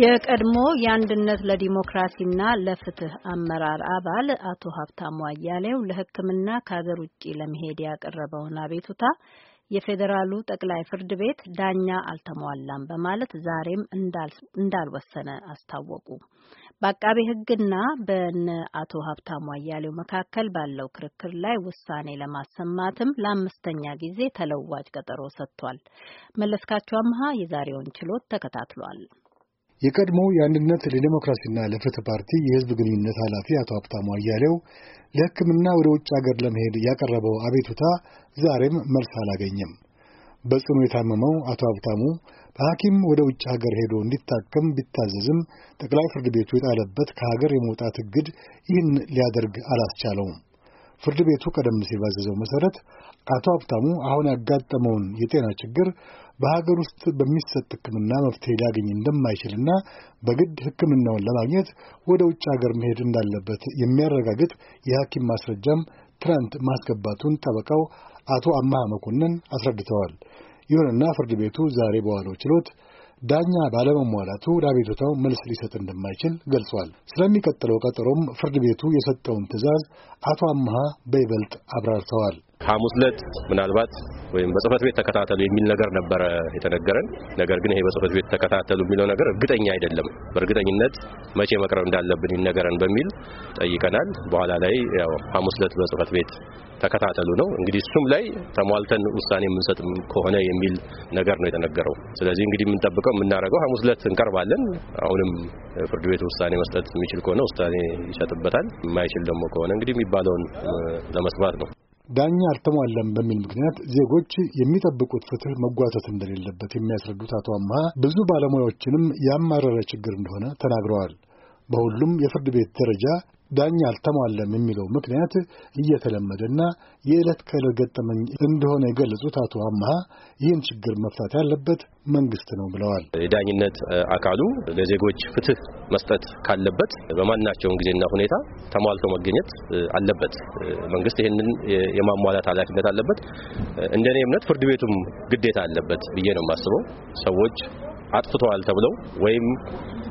የቀድሞ የአንድነት ለዲሞክራሲና ለፍትህ አመራር አባል አቶ ሀብታሙ አያሌው ለሕክምና ከሀገር ውጭ ለመሄድ ያቀረበውን አቤቱታ የፌዴራሉ ጠቅላይ ፍርድ ቤት ዳኛ አልተሟላም በማለት ዛሬም እንዳልወሰነ አስታወቁ። በአቃቤ ሕግና በነ አቶ ሀብታሙ አያሌው መካከል ባለው ክርክር ላይ ውሳኔ ለማሰማትም ለአምስተኛ ጊዜ ተለዋጭ ቀጠሮ ሰጥቷል። መለስካቸው አምሃ የዛሬውን ችሎት ተከታትሏል። የቀድሞው የአንድነት ለዲሞክራሲና ለፍትህ ፓርቲ የህዝብ ግንኙነት ኃላፊ አቶ ሀብታሙ አያሌው ለሕክምና ወደ ውጭ ሀገር ለመሄድ ያቀረበው አቤቱታ ዛሬም መልስ አላገኘም። በጽኑ የታመመው አቶ ሀብታሙ በሐኪም ወደ ውጭ ሀገር ሄዶ እንዲታከም ቢታዘዝም ጠቅላይ ፍርድ ቤቱ የጣለበት ከሀገር የመውጣት እግድ ይህን ሊያደርግ አላስቻለውም። ፍርድ ቤቱ ቀደም ሲል ባዘዘው መሰረት አቶ ሀብታሙ አሁን ያጋጠመውን የጤና ችግር በሀገር ውስጥ በሚሰጥ ሕክምና መፍትሄ ሊያገኝ እንደማይችልና በግድ ሕክምናውን ለማግኘት ወደ ውጭ ሀገር መሄድ እንዳለበት የሚያረጋግጥ የሐኪም ማስረጃም ትናንት ማስገባቱን ጠበቃው አቶ አማሃ መኮንን አስረድተዋል። ይሁንና ፍርድ ቤቱ ዛሬ በዋለው ችሎት ዳኛ ባለመሟላቱ ለአቤቱታው መልስ ሊሰጥ እንደማይችል ገልጿል። ስለሚቀጥለው ቀጠሮም ፍርድ ቤቱ የሰጠውን ትዕዛዝ አቶ አምሃ በይበልጥ አብራርተዋል። ሐሙስ ዕለት ምናልባት ወይም በጽህፈት ቤት ተከታተሉ የሚል ነገር ነበረ የተነገረን። ነገር ግን ይሄ በጽህፈት ቤት ተከታተሉ የሚለው ነገር እርግጠኛ አይደለም። በእርግጠኝነት መቼ መቅረብ እንዳለብን ይነገረን በሚል ጠይቀናል። በኋላ ላይ ያው ሐሙስ ዕለት በጽህፈት ቤት ተከታተሉ ነው እንግዲህ እሱም ላይ ተሟልተን ውሳኔ የምንሰጥ ከሆነ የሚል ነገር ነው የተነገረው። ስለዚህ እንግዲህ የምንጠብቀው የምናደርገው ሐሙስ ዕለት እንቀርባለን። አሁንም ፍርድ ቤት ውሳኔ መስጠት የሚችል ከሆነ ውሳኔ ይሰጥበታል፣ የማይችል ደግሞ ከሆነ እንግዲህ የሚባለውን ለመስማት ነው። ዳኛ አልተሟላም በሚል ምክንያት ዜጎች የሚጠብቁት ፍትህ መጓተት እንደሌለበት የሚያስረዱት አቶ አምሃ ብዙ ባለሙያዎችንም ያማረረ ችግር እንደሆነ ተናግረዋል። በሁሉም የፍርድ ቤት ደረጃ ዳኛ አልተሟለም የሚለው ምክንያት እየተለመደና የዕለት ከዕለት ገጠመኝ እንደሆነ የገለጹት አቶ አመሀ ይህን ችግር መፍታት ያለበት መንግስት ነው ብለዋል። የዳኝነት አካሉ ለዜጎች ፍትህ መስጠት ካለበት በማናቸውም ጊዜና ሁኔታ ተሟልቶ መገኘት አለበት። መንግስት ይህንን የማሟላት ኃላፊነት አለበት። እንደኔ እምነት ፍርድ ቤቱም ግዴታ አለበት ብዬ ነው የማስበው ሰዎች አጥፍተዋል ተብለው ወይም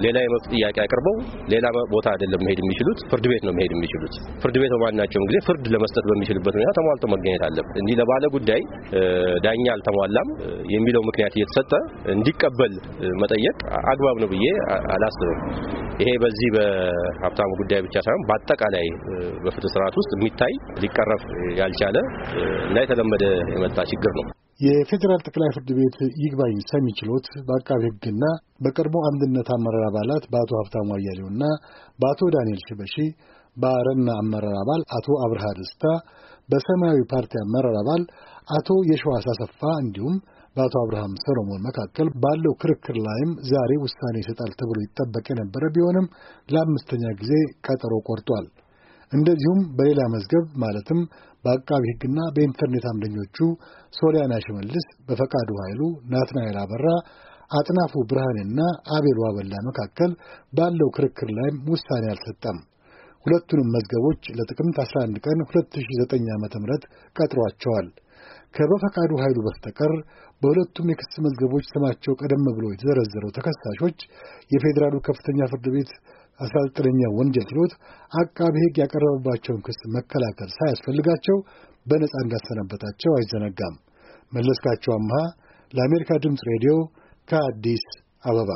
ሌላ የመብት ጥያቄ አቅርበው ሌላ ቦታ አይደለም መሄድ የሚችሉት ፍርድ ቤት ነው መሄድ የሚችሉት። ፍርድ ቤት በማናቸውም ጊዜ ፍርድ ለመስጠት በሚችልበት ሁኔታ ተሟልቶ መገኘት አለበት። እንዲህ ለባለ ጉዳይ ዳኛ አልተሟላም የሚለው ምክንያት እየተሰጠ እንዲቀበል መጠየቅ አግባብ ነው ብዬ አላስብም። ይሄ በዚህ በሀብታሙ ጉዳይ ብቻ ሳይሆን በአጠቃላይ በፍትህ ስርዓት ውስጥ የሚታይ ሊቀረፍ ያልቻለ እና የተለመደ የመጣ ችግር ነው። የፌዴራል ጠቅላይ ፍርድ ቤት ይግባኝ ሰሚ ችሎት በአቃቢ ሕግና በቀድሞ አንድነት አመራር አባላት በአቶ ሀብታሙ አያሌውና በአቶ ዳንኤል ሽበሺ፣ በአረና አመራር አባል አቶ አብርሃ ደስታ፣ በሰማያዊ ፓርቲ አመራር አባል አቶ የሸዋስ አሰፋ እንዲሁም በአቶ አብርሃም ሰሎሞን መካከል ባለው ክርክር ላይም ዛሬ ውሳኔ ይሰጣል ተብሎ ይጠበቅ የነበረ ቢሆንም ለአምስተኛ ጊዜ ቀጠሮ ቆርጧል። እንደዚሁም በሌላ መዝገብ ማለትም በአቃቢ ሕግና በኢንተርኔት አምደኞቹ ሶሊያና ሽመልስ፣ በፈቃዱ ኃይሉ፣ ናትናኤል አበራ፣ አጥናፉ ብርሃኔና አቤል ዋበላ መካከል ባለው ክርክር ላይም ውሳኔ አልሰጠም። ሁለቱንም መዝገቦች ለጥቅምት 11 ቀን 2009 ዓ ም ቀጥሯቸዋል። ከበፈቃዱ ኃይሉ በስተቀር በሁለቱም የክስ መዝገቦች ስማቸው ቀደም ብሎ የተዘረዘረው ተከሳሾች የፌዴራሉ ከፍተኛ ፍርድ ቤት 19ኛ ወንጀል ችሎት አቃቤ ሕግ ያቀረበባቸውን ክስ መከላከል ሳያስፈልጋቸው በነፃ እንዳሰናበታቸው አይዘነጋም። መለስካቸው አምሃ ለአሜሪካ ድምፅ ሬዲዮ ከአዲስ አበባ